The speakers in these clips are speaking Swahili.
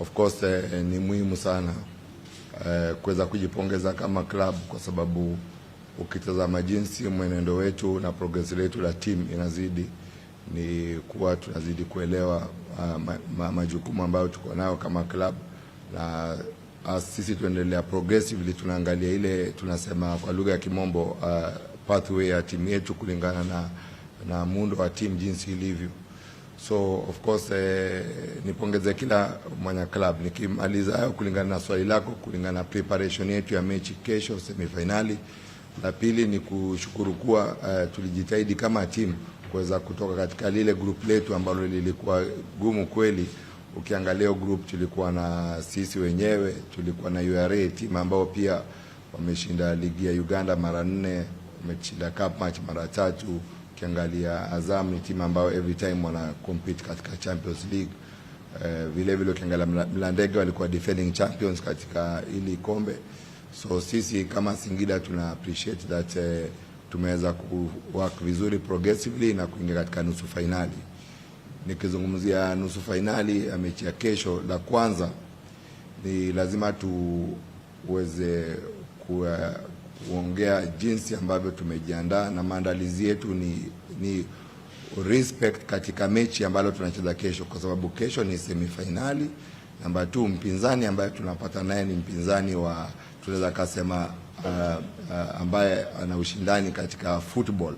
of course eh, eh, ni muhimu sana eh, kuweza kujipongeza kama club kwa sababu ukitazama jinsi mwenendo wetu na progress letu la team inazidi ni kuwa tunazidi kuelewa uh, ma, ma, majukumu ambayo tuko nayo kama club na as ah, sisi tuendelea progressively, tunaangalia ile tunasema kwa lugha ya Kimombo uh, pathway ya timu yetu kulingana na, na muundo wa timu jinsi ilivyo. So of course eh, nipongeze kila mwana club. Nikimaliza hayo, kulingana na swali lako, kulingana na preparation yetu ya mechi kesho semifinali, la pili ni kushukuru kuwa uh, tulijitahidi kama timu kuweza kutoka katika lile group letu ambalo lilikuwa gumu kweli. Ukiangalia group tulikuwa na sisi wenyewe, tulikuwa na URA timu ambao pia wameshinda ligi ya Uganda mara nne, wameshinda cup match mara tatu Ukiangalia Azam ni timu ambayo every time wana compete katika Champions League uh, vile vile ukiangalia Mlandege walikuwa defending champions katika ili kombe, so sisi kama Singida tuna appreciate that uh, tumeweza ku work vizuri progressively na kuingia katika nusu fainali. Nikizungumzia nusu fainali ya mechi ya kesho, la kwanza ni lazima tuweze kuwa eh, kuongea jinsi ambavyo tumejiandaa na maandalizi yetu ni, ni respect katika mechi ambalo tunacheza kesho, kwa sababu kesho ni semifinali. Namba tu mpinzani ambaye tunapata naye ni mpinzani wa tunaweza kasema uh, uh, ambaye ana ushindani katika football.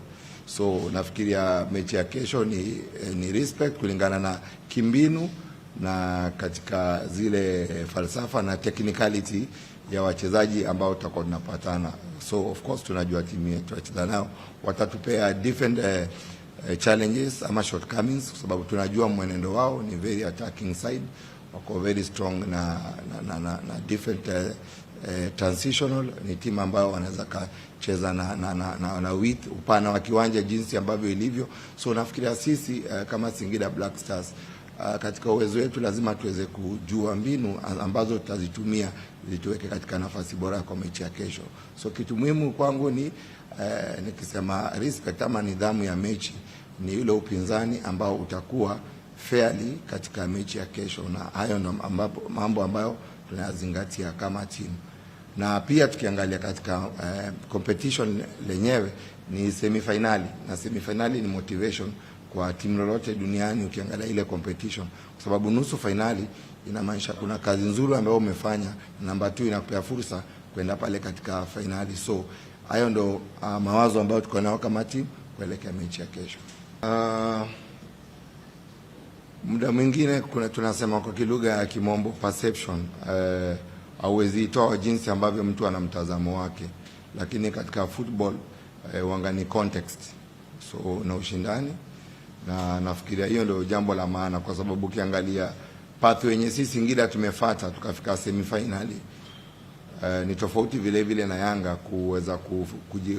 So nafikiria mechi ya kesho ni, ni respect kulingana na kimbinu na katika zile falsafa na technicality ya wachezaji ambao tutakuwa tunapatana, so of course tunajua timu yetu tutacheza nao, watatupea different uh, uh, challenges ama shortcomings, kwa sababu tunajua mwenendo wao ni very attacking side, wako very strong na, na, na, na, na different uh, uh, transitional. Ni timu ambayo wanaweza kacheza na, na, na, na, na width, upana wa kiwanja jinsi ambavyo ilivyo, so nafikiria sisi uh, kama Singida Black Stars Ah, katika uwezo wetu lazima tuweze kujua mbinu ambazo tutazitumia zituweke katika nafasi bora kwa mechi ya kesho. So kitu muhimu kwangu ni eh, nikisema respect ama nidhamu ya mechi ni ule upinzani ambao utakuwa fairly katika mechi ya kesho, na hayo ndo mambo ambayo tunayazingatia kama timu, na pia tukiangalia katika eh, competition lenyewe ni semifinali, na semifinali ni motivation kwa timu lolote duniani ukiangalia ile competition, kwa sababu nusu fainali inamaanisha kuna kazi nzuri ambayo umefanya, namba 2 inakupea fursa kwenda pale katika fainali. So hayo ndo uh, mawazo ambayo tuko nao kama timu kuelekea mechi ya kesho. Uh, muda mwingine kuna tunasema kwa kilugha ya kimombo perception, uh, eh, auwezi toa jinsi ambavyo mtu ana mtazamo wake, lakini katika football uh, eh, wanga ni context so na ushindani na nafikiria hiyo ndio jambo la maana, kwa sababu ukiangalia path yenye sisi Singida tumefata tukafika semifinali Uh, ni tofauti vile vile na Yanga kuweza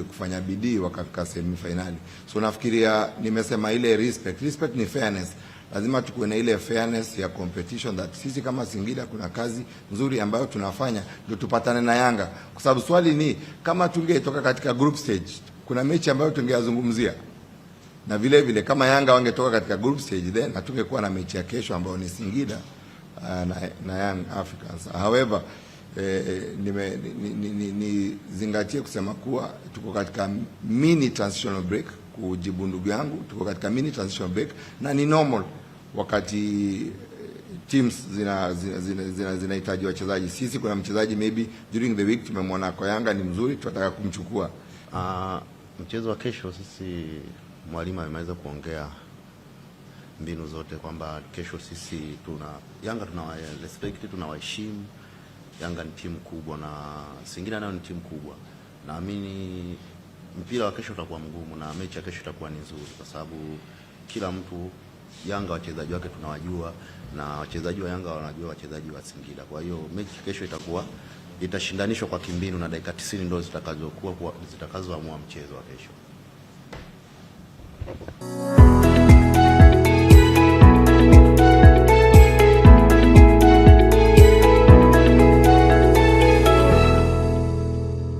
kufanya bidii wakafika semifinali. So nafikiria nimesema ile respect. Respect ni fairness. Lazima tukuwe na ile fairness ya competition that sisi kama Singida kuna kazi nzuri ambayo tunafanya ndio tupatane na Yanga, kwa sababu swali ni kama tungetoka katika group stage, kuna mechi ambayo tungeyazungumzia na vile vile kama Yanga wangetoka katika group stage then hatungekuwa na mechi ya kesho ambayo ni Singida uh, na, na Young Africans. However, eh, eh nime, ni, ni, ni ni zingatie kusema kuwa tuko katika mini transitional break, kujibu ndugu yangu, tuko katika mini transitional break na ni normal wakati eh, teams zinahitaji zina, zina, zina, zina wachezaji. Sisi kuna mchezaji maybe during the week tumemwona kwa Yanga ni mzuri, tunataka kumchukua. Uh, mchezo wa kesho sisi mwalimu ameweza kuongea mbinu zote kwamba kesho sisi tuna Yanga tuna respect, tunawaheshimu. Yanga ni timu kubwa na Singida nayo ni timu kubwa. Naamini mpira wa kesho utakuwa mgumu na mechi ya kesho itakuwa ni nzuri, kwa sababu kila mtu Yanga wachezaji wake tunawajua na wachezaji wa Yanga wanajua wachezaji wa Singida. Kwa hiyo mechi kesho itakuwa itashindanishwa kwa kimbinu na dakika 90 ndio zitakazokuwa zitakazoamua mchezo wa kesho. Música